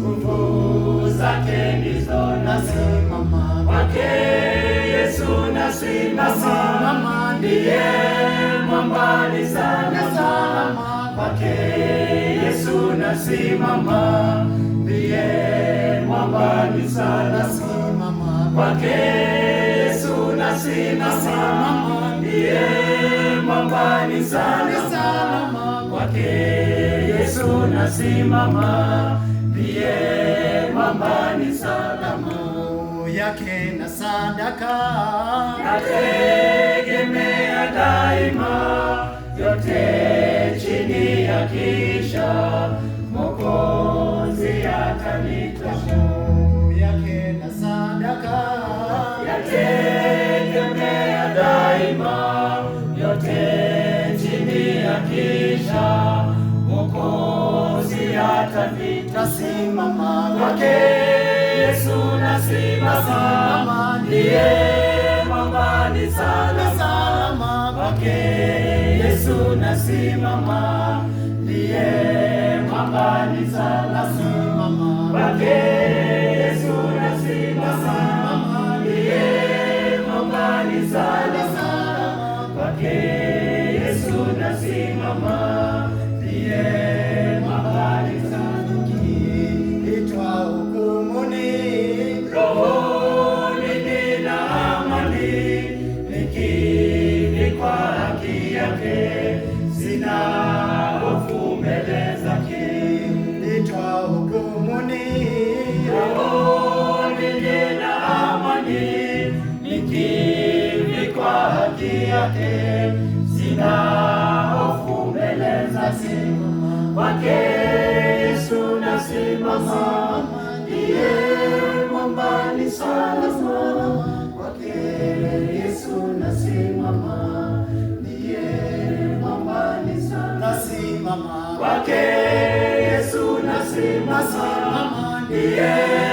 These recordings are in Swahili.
Nguvu zake ndizo nasimama, kwake Yesu nasimama, ndiye mwamba nisalama, kwake Yesu nasimama, ndiye mwamba nisalama, kwake Yesu nasimama, ndiye mwamba nisalama, kwake Yesu nasimama, ndiye mwamba ni salama, yake na sadaka nategemea daima, yote chini ya kisha nasimama kwake Yesu nasimama, ndiye mambani sana salama kwake Yesu nasimama, ndiye mambani sana salama kwake salama, ndiye mwamba ni salama, kwake Yesu nasimama, ndiye mwamba ni salama, kwake Yesu nasimama, ndiye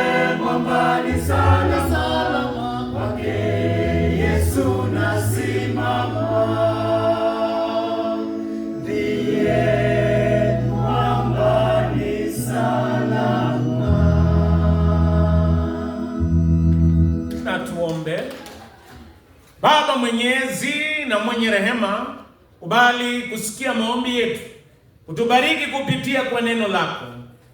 mwenyezi na mwenye rehema, kubali kusikia maombi yetu, kutubariki kupitia kwa neno lako.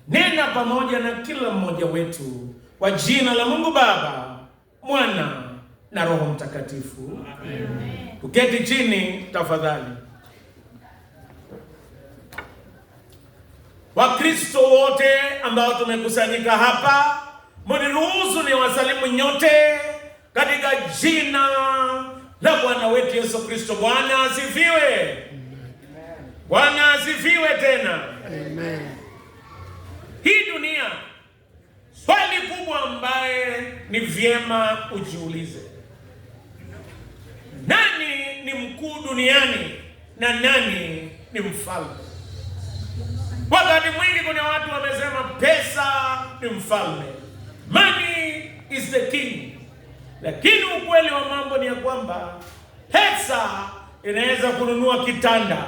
Nena pamoja na kila mmoja wetu, kwa jina la Mungu Baba, Mwana na Roho Mtakatifu, amen. Tuketi chini tafadhali. Wakristo wote ambao tumekusanyika hapa, mniruhusu ni wasalimu nyote katika jina na Bwana wetu Yesu Kristo. Bwana asifiwe, Bwana asifiwe tena. Amen. Hii dunia, swali kubwa ambaye ni vyema ujiulize, nani ni mkuu duniani na nani ni mfalme? Wakati mwingi kuna watu wamesema pesa ni mfalme, money is the king lakini ukweli wa mambo ni ya kwamba pesa inaweza kununua kitanda,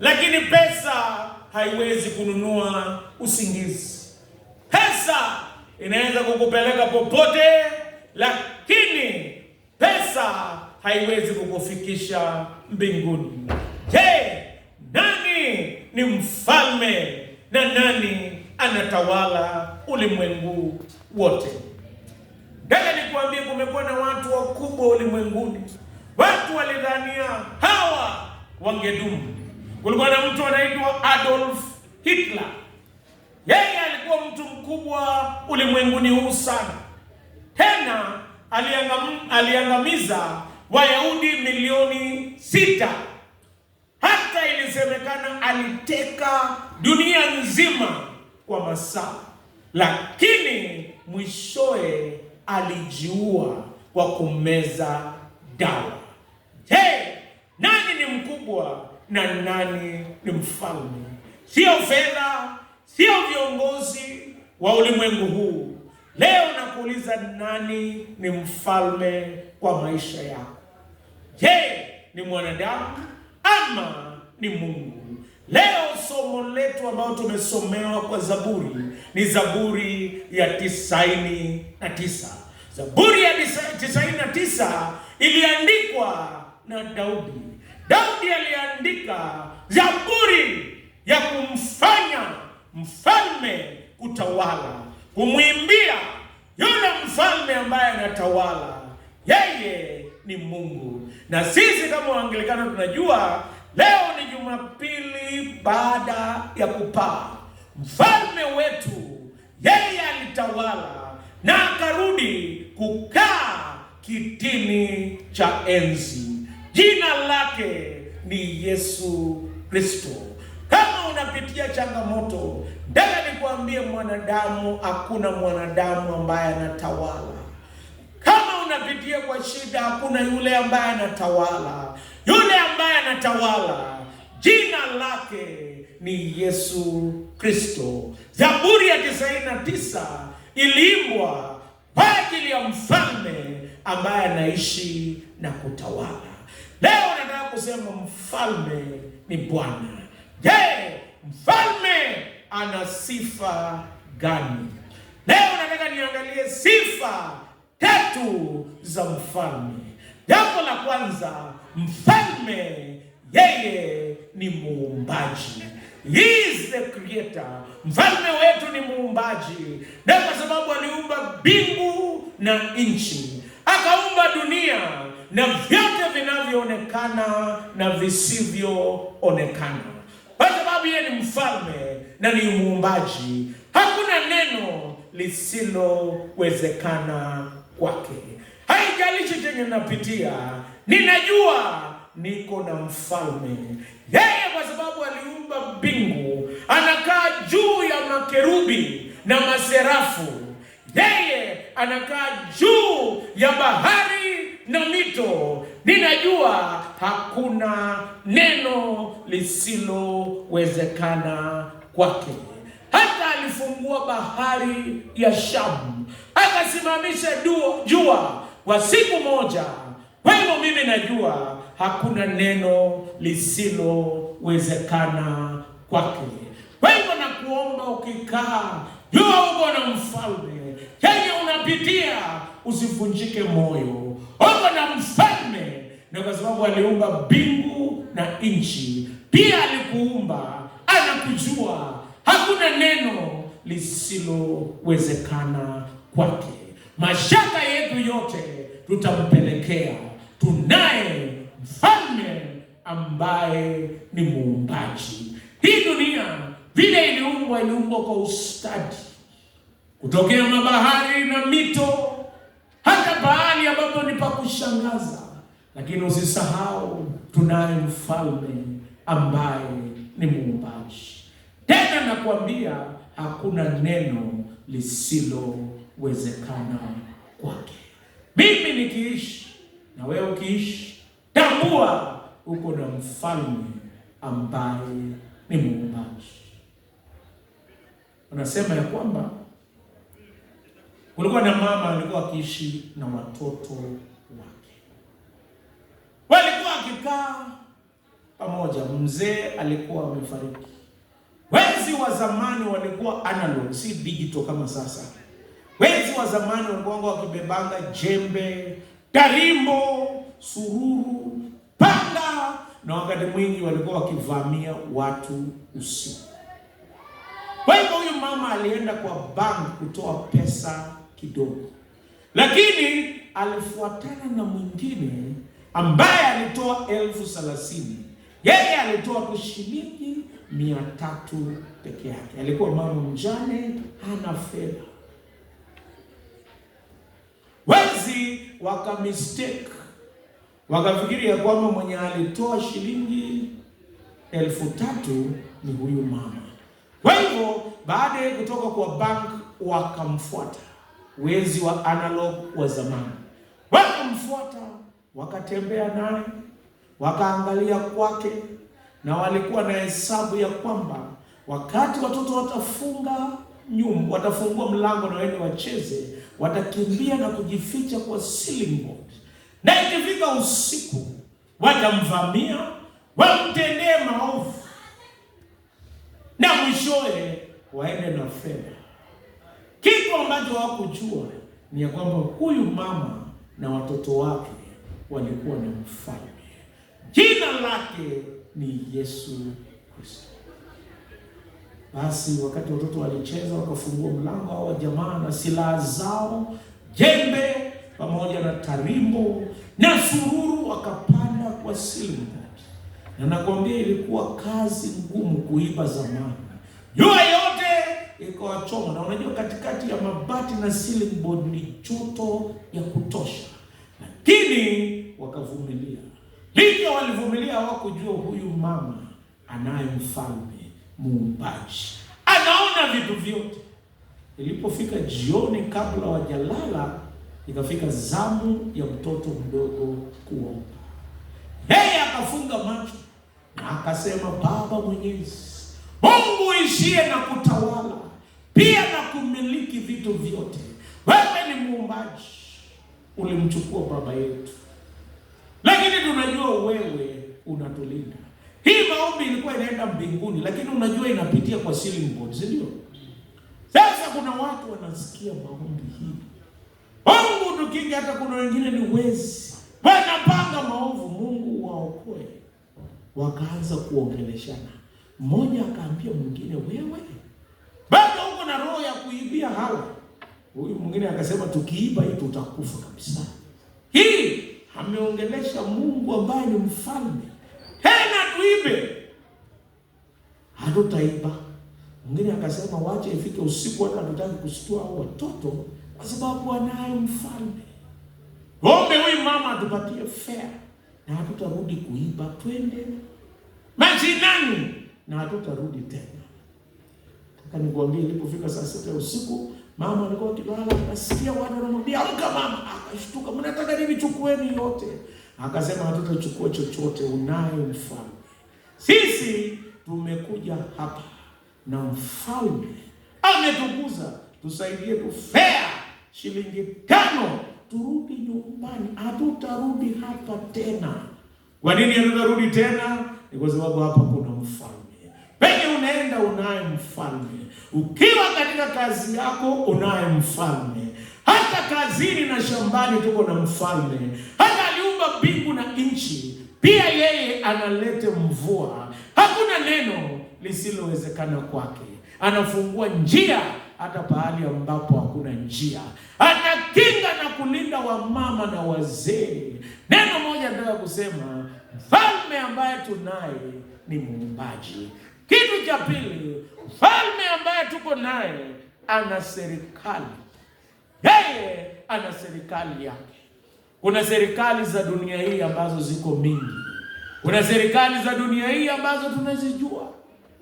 lakini pesa haiwezi kununua usingizi. Pesa inaweza kukupeleka popote, lakini pesa haiwezi kukufikisha mbinguni. Je, nani ni mfalme na nani anatawala ulimwengu wote? Dada, nikuambie kumekuwa na watu wakubwa ulimwenguni, watu walidhania hawa wangedumu. Kulikuwa na mtu anaitwa Adolf Hitler, yeye alikuwa mtu mkubwa ulimwenguni huu sana, tena aliangam, aliangamiza Wayahudi milioni sita. Hata ilisemekana aliteka dunia nzima kwa masaa, lakini mwishoe alijiua kwa kumeza dawa. Je, nani ni mkubwa na nani ni mfalme? Sio fedha, sio viongozi wa ulimwengu huu. Leo nakuuliza, nani ni mfalme kwa maisha yako? Je, ni mwanadamu ama ni Mungu? Leo somo letu ambao tumesomewa kwa Zaburi ni Zaburi ya tisaini na tisa. Zaburi ya tisaini na tisa iliandikwa na Daudi. Daudi aliandika zaburi ya kumfanya mfalme kutawala, kumwimbia yule mfalme ambaye anatawala. Yeye ni Mungu, na sisi kama Waanglikana tunajua Leo ni Jumapili baada ya kupaa. Mfalme wetu yeye alitawala na akarudi kukaa kitini cha enzi. Jina lake ni Yesu Kristo. Kama unapitia changamoto, ndio nikuambie mwanadamu, hakuna mwanadamu ambaye anatawala. Kama unapitia kwa shida, hakuna yule ambaye anatawala. Yule ambaye anatawala jina lake ni Yesu Kristo. Zaburi ya 99 iliimbwa kwa ajili ya mfalme ambaye anaishi na kutawala. Leo nataka kusema mfalme ni Bwana. Je, mfalme ana sifa gani? Leo nataka niangalie sifa tatu za mfalme. Jambo la kwanza Mfalme yeye ni muumbaji. He is the creator. Mfalme wetu ni muumbaji, na kwa sababu aliumba mbingu na nchi, akaumba dunia na vyote vinavyoonekana na visivyoonekana. Kwa sababu yeye ni mfalme na ni muumbaji, hakuna neno lisilowezekana kwake haijalishi chenye napitia, ninajua niko na mfalme. Yeye kwa sababu aliumba mbingu, anakaa juu ya makerubi na maserafu. Yeye anakaa juu ya bahari na mito. Ninajua hakuna neno lisilowezekana kwake. Hata alifungua bahari ya Shamu, akasimamisha jua wa siku moja. Kwa hivyo mimi najua hakuna neno lisilowezekana kwake. Kwa hivyo nakuomba ukikaa, jua uko na mfalme, yeye unapitia, usivunjike moyo, uko na mfalme, na kwa sababu aliumba mbingu na nchi, pia alikuumba, anakujua, hakuna neno lisilowezekana kwake mashaka yetu yote tutampelekea. Tunaye mfalme ambaye ni muumbaji. Hii dunia vile iliumbwa, iliumbwa kwa ustadi, kutokea mabahari na mito hata pahali ambapo ni pa kushangaza, lakini usisahau tunaye mfalme ambaye ni muumbaji. Tena nakwambia hakuna neno lisilo uwezekana kwake. Mimi nikiishi na wewe ukiishi, tambua uko na mfalme ambaye ni muumbaji. Unasema ya kwamba kulikuwa na mama alikuwa akiishi na watoto wake, walikuwa akikaa pamoja. Mzee alikuwa amefariki. Wenzi wa zamani walikuwa analog, si digital kama sasa. Wezi wa zamani Wagongo wakibebanga jembe, tarimbo, sururu, panga na wakati mwingi walikuwa wakivamia watu usiku. Kwa hivyo huyu mama alienda kwa bank kutoa pesa kidogo, lakini alifuatana na mwingine ambaye alitoa elfu thelathini. Yeye alitoa tu shilingi mia tatu peke yake. Alikuwa mama mjane, hana fedha. Wezi mistake, wakafikiri ya kwamba mwenye alitoa shilingi elfu tatu ni huyu mama. Kwa hivyo baada ya kutoka kwa bank wakamfuata wezi wa analog wa zamani, wakamfuata wakatembea naye, wakaangalia kwake, na walikuwa na hesabu ya kwamba wakati watoto watafunga nyumba, watafungua mlango na waende wacheze watakimbia na kujificha kwa ceiling board, na ikifika usiku watamvamia, wamtendee maovu na mwishowe waende na fedha. Kitu ambacho hawakujua ni ya kwamba huyu mama na watoto wake walikuwa na mfalme, jina lake ni Yesu Kristo. Basi wakati watoto walicheza, wakafungua mlango wa jamaa na silaha zao, jembe pamoja na tarimbo na sururu, wakapanda kwa Silmon. Na nakwambia ilikuwa kazi ngumu kuiba zamani, jua yote ikawachoma. Na unajua katikati ya mabati na ceiling board ni joto ya kutosha, lakini wakavumilia. Ndivyo walivumilia, hawakujua huyu mama anaye mfalme muumbaji, anaona vitu vyote. Ilipofika jioni, kabla wajalala, ikafika zamu ya mtoto mdogo kuomba. Yeye akafunga macho na akasema, Baba Mwenyezi Mungu ishie na kutawala pia na kumiliki vitu vyote, wewe ni muumbaji. Ulimchukua baba yetu, lakini tunajua wewe unatulinda hii maombi ilikuwa inaenda mbinguni, lakini unajua inapitia kwa ceiling board, si ndio? Sasa kuna watu wanasikia maombi hii Mungu tukinge, hata kuna wengine ni wezi wanapanga maovu, Mungu waokoe. Wakaanza kuongeleshana, mmoja akaambia mwingine, wewe bado uko na roho ya kuibia hawa. Huyu mwingine akasema, tukiiba hii tutakufa kabisa. Hii ameongelesha Mungu ambaye ni mfalme hena tuibe, hatutaiba. Mwingine akasema wache ifike usiku, hata hatutaki kusitua hao watoto kwa sababu wanayo mfalme. Ombe huyu mama atupatie fare na hatutarudi kuiba, twende mashinani na hatutarudi tena. Nataka nikuambie, ilipofika saa sita usiku mama alikuwa akilala, akasikia watu wanamwambia amka mama, akashtuka, mnataka nini? Chukueni yote Akasema hatutochukua chochote, unayo mfalme. Sisi tumekuja hapa na mfalme ametukuza, tusaidie tufea shilingi tano turudi nyumbani, hatutarudi hapa tena. Kwa nini hatutarudi tena? Ni kwa sababu hapa kuna mfalme. Penye unaenda unaye mfalme, ukiwa katika kazi yako unaye mfalme, hata kazini na shambani tuko na mfalme, hata aliyeumba mbingu na nchi, pia yeye analete mvua. Hakuna neno lisilowezekana kwake. Anafungua njia hata pahali ambapo hakuna njia, atakinga na kulinda wamama na wazee. Neno moja ndio kusema mfalme ambaye tunaye ni muumbaji. Kitu cha pili, mfalme ambaye tuko naye ana serikali, yeye ana serikali yake. Kuna serikali za dunia hii ambazo ziko mingi, kuna serikali za dunia hii ambazo tunazijua,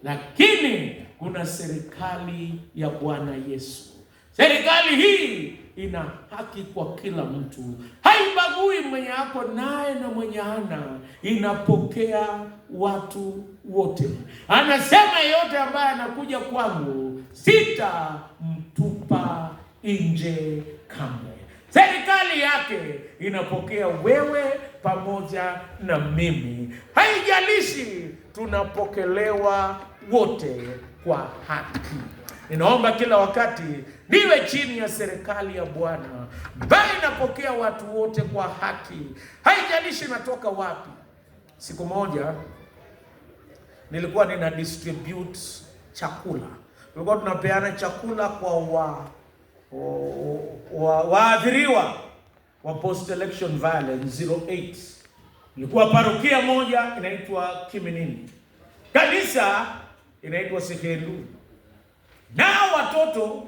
lakini kuna serikali ya Bwana Yesu. Serikali hii ina haki kwa kila mtu, haibagui mwenye ako naye na mwenye ana, inapokea watu wote. Anasema yeyote ambaye anakuja kwangu sitamtupa nje kamwe serikali yake inapokea wewe pamoja na mimi, haijalishi tunapokelewa wote kwa haki. Ninaomba kila wakati niwe chini ya serikali ya Bwana ambaye inapokea watu wote kwa haki, haijalishi natoka wapi. Siku moja nilikuwa nina distribute chakula, tulikuwa tunapeana chakula kwa wa waathiriwa wa, post election violence 08 ilikuwa parokia moja inaitwa Kiminini, kanisa inaitwa Sekelu, nao watoto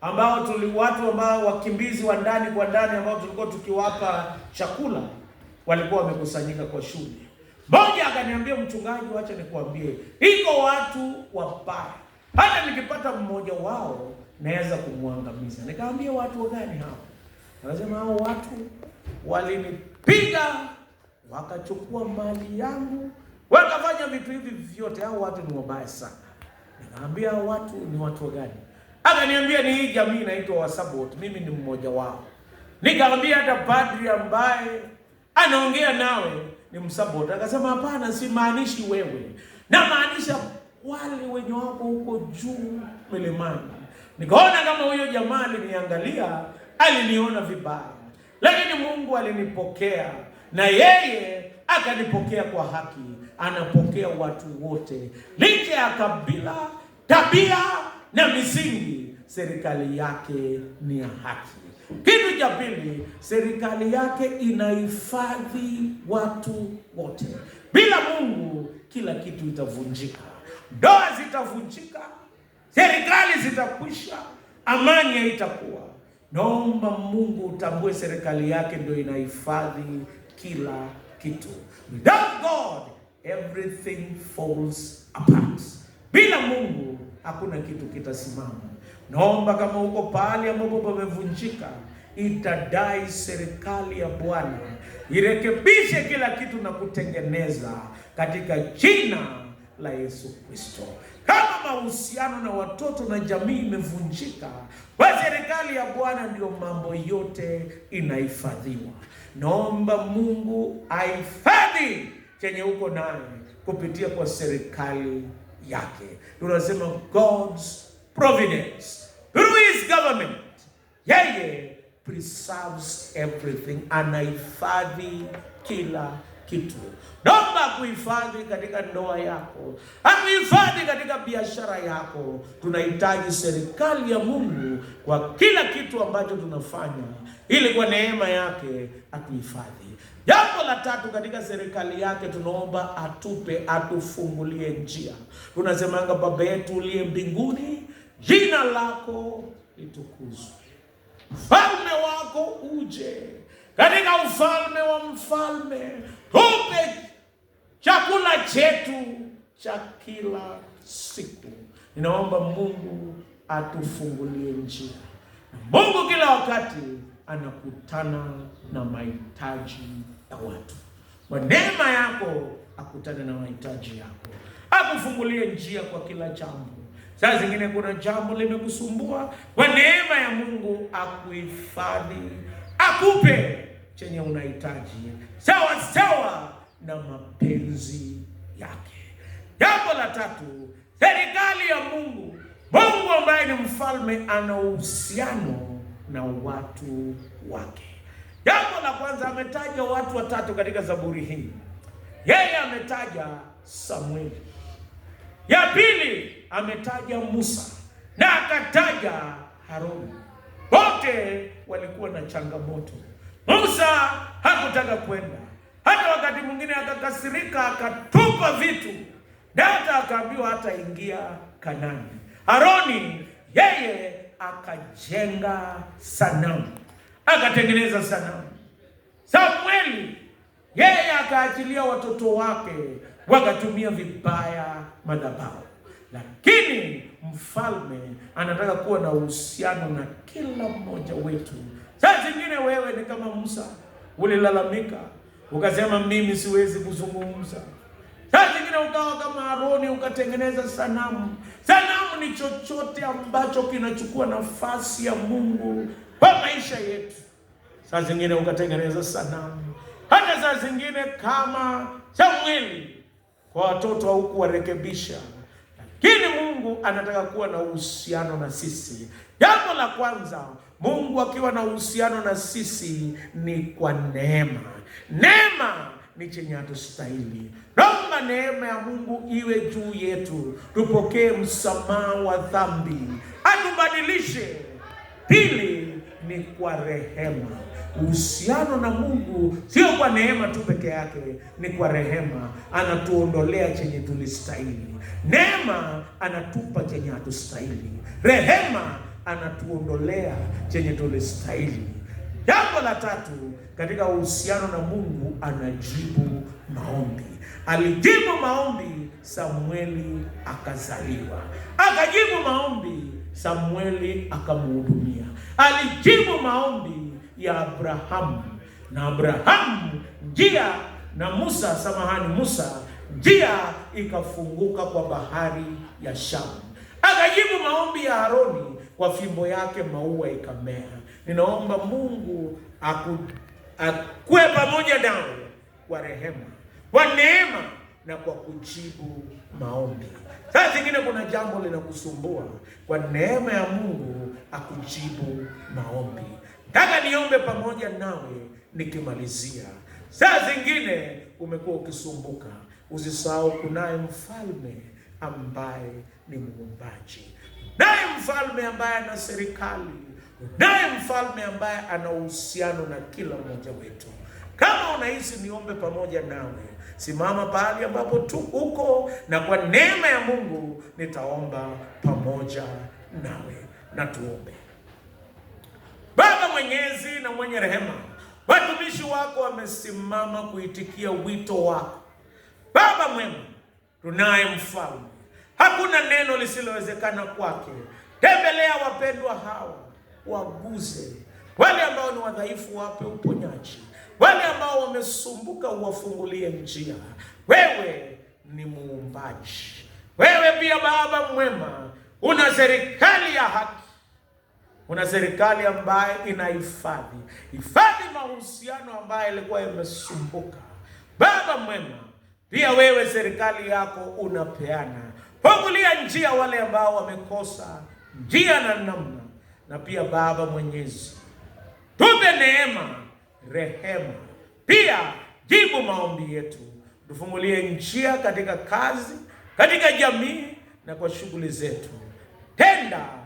ambao tuli watu ambao wakimbizi wa ndani kwa ndani ambao tulikuwa tukiwapa chakula walikuwa wamekusanyika kwa shule. Mmoja akaniambia, mchungaji, wacha nikuambie iko watu wabaya, hata nikipata mmoja wao naweza kumwangamiza. Nikaambia watu wa gani hao? Anasema hao watu walinipiga wakachukua mali yangu wakafanya vitu hivi vyote. Hao watu ni wabaya sana. Nikaambia hao watu ni watu wa wagani? Akaniambia ni hii jamii inaitwa Wasabot, mimi ni mmoja wao. Nikaambia hata padri ambaye anaongea nawe ni Msabot. Akasema hapana, simaanishi wewe, namaanisha wale wenye wako huko juu milimani Nikaona kama huyo jamaa aliniangalia, aliniona vibaya, lakini Mungu alinipokea na yeye akanipokea kwa haki. Anapokea watu wote licha ya kabila, tabia na misingi. Serikali yake ni ya haki. Kitu cha pili, serikali yake inahifadhi watu wote. Bila Mungu kila kitu itavunjika, ndoa zitavunjika serikali zitakwisha, amani haitakuwa. Naomba Mungu utambue serikali yake ndio inahifadhi kila kitu. Without God everything falls apart. Bila Mungu hakuna kitu kitasimama. Naomba kama uko pahali ambapo pamevunjika, itadai serikali ya Bwana irekebishe kila kitu na kutengeneza katika jina la Yesu Kristo. Kama mahusiano na watoto na jamii imevunjika, kwa serikali ya Bwana ndio mambo yote inahifadhiwa. Naomba Mungu ahifadhi chenye uko naye kupitia kwa serikali yake. Tunasema God's providence through his government, yeye preserves everything, anahifadhi kila kitu. Naomba akuhifadhi katika ndoa yako, akuhifadhi katika biashara yako. Tunahitaji serikali ya Mungu kwa kila kitu ambacho tunafanya, ili kwa neema yake atuhifadhi. Jambo la tatu katika serikali yake, tunaomba atupe, atufungulie njia. Tunasemanga, Baba yetu uliye mbinguni, jina lako litukuzwe, ufalme wako uje katika ufalme wa mfalme tupe chakula chetu cha kila siku. Ninaomba Mungu atufungulie njia. Mungu kila wakati anakutana na mahitaji ya watu. Kwa neema yako akutane na mahitaji yako, akufungulie njia kwa kila jambo. Saa zingine kuna jambo limekusumbua, kwa neema ya Mungu akuhifadhi, akupe chenye unahitaji sawa sawa na mapenzi yake. Jambo la tatu, serikali ya Mungu, Mungu ambaye ni mfalme, ana uhusiano na watu wake. Jambo la kwanza, ametaja watu watatu katika zaburi hii. Yeye ametaja Samueli, ya pili ametaja Musa na akataja Haruni. Wote walikuwa na changamoto Musa hakutaka kwenda, hata wakati mwingine akakasirika, akatupa vitu data, akaambiwa hata ingia Kanani. Aroni yeye akajenga sanamu, akatengeneza sanamu. Samueli yeye akaachilia watoto wake wakatumia vibaya madhabahu, lakini mfalme anataka kuwa na uhusiano na kila mmoja wetu Saa zingine wewe ni kama Musa, ulilalamika ukasema mimi siwezi kuzungumza. Saa zingine ukawa kama Aroni ukatengeneza sanamu. Sanamu ni chochote ambacho kinachukua nafasi ya Mungu kwa maisha yetu. Saa zingine ukatengeneza sanamu, hata saa zingine kama Samueli kwa watoto kuwarekebisha lakini Mungu anataka kuwa na uhusiano na sisi. Jambo la kwanza Mungu akiwa na uhusiano na sisi ni kwa neema. Neema ni chenye hatustahili. Naomba neema ya Mungu iwe juu yetu, tupokee msamaha wa dhambi, atubadilishe. Pili ni kwa rehema. Uhusiano na Mungu sio kwa neema tu peke yake, ni kwa rehema. Anatuondolea chenye tulistahili, neema anatupa chenye hatustahili, rehema anatuondolea chenye tulistahili. Jambo la tatu katika uhusiano na Mungu, anajibu maombi. Alijibu maombi, Samueli akazaliwa. Akajibu maombi, Samueli akamhudumia. Alijibu maombi ya Abrahamu na Abrahamu njia na Musa, samahani, Musa njia ikafunguka kwa bahari ya Shamu. Akajibu maombi ya Haroni kwa fimbo yake maua ikamea. Ninaomba Mungu aku, akuwe pamoja nawe kwa rehema, kwa neema na kwa kujibu maombi. Saa zingine kuna jambo linakusumbua, kwa neema ya Mungu akujibu maombi. taka niombe pamoja nawe nikimalizia. Saa zingine umekuwa ukisumbuka, usisahau kunaye mfalme ambaye ni muumbaji naye mfalme ambaye ana serikali, naye mfalme ambaye ana uhusiano na kila mmoja wetu. Kama unahisi niombe pamoja nawe, simama pahali ambapo tu uko, na kwa neema ya Mungu nitaomba pamoja nawe. Na tuombe. Baba mwenyezi na mwenye rehema, watumishi wako wamesimama kuitikia wito wako. Baba mwema, tunaye mfalme Hakuna neno lisilowezekana kwake. Tembelea wapendwa hawa, waguze wale ambao ni wadhaifu, wape uponyaji. Wale ambao wamesumbuka, uwafungulie njia. Wewe ni muumbaji, wewe pia Baba mwema, una serikali ya haki, una serikali ambayo inahifadhi hifadhi mahusiano ambayo yalikuwa yamesumbuka. Baba mwema, pia wewe serikali yako unapeana Fungulia njia wale ambao wamekosa njia na namna, na pia Baba Mwenyezi, tupe neema, rehema, pia jibu maombi yetu, tufungulie njia katika kazi, katika jamii na kwa shughuli zetu, tenda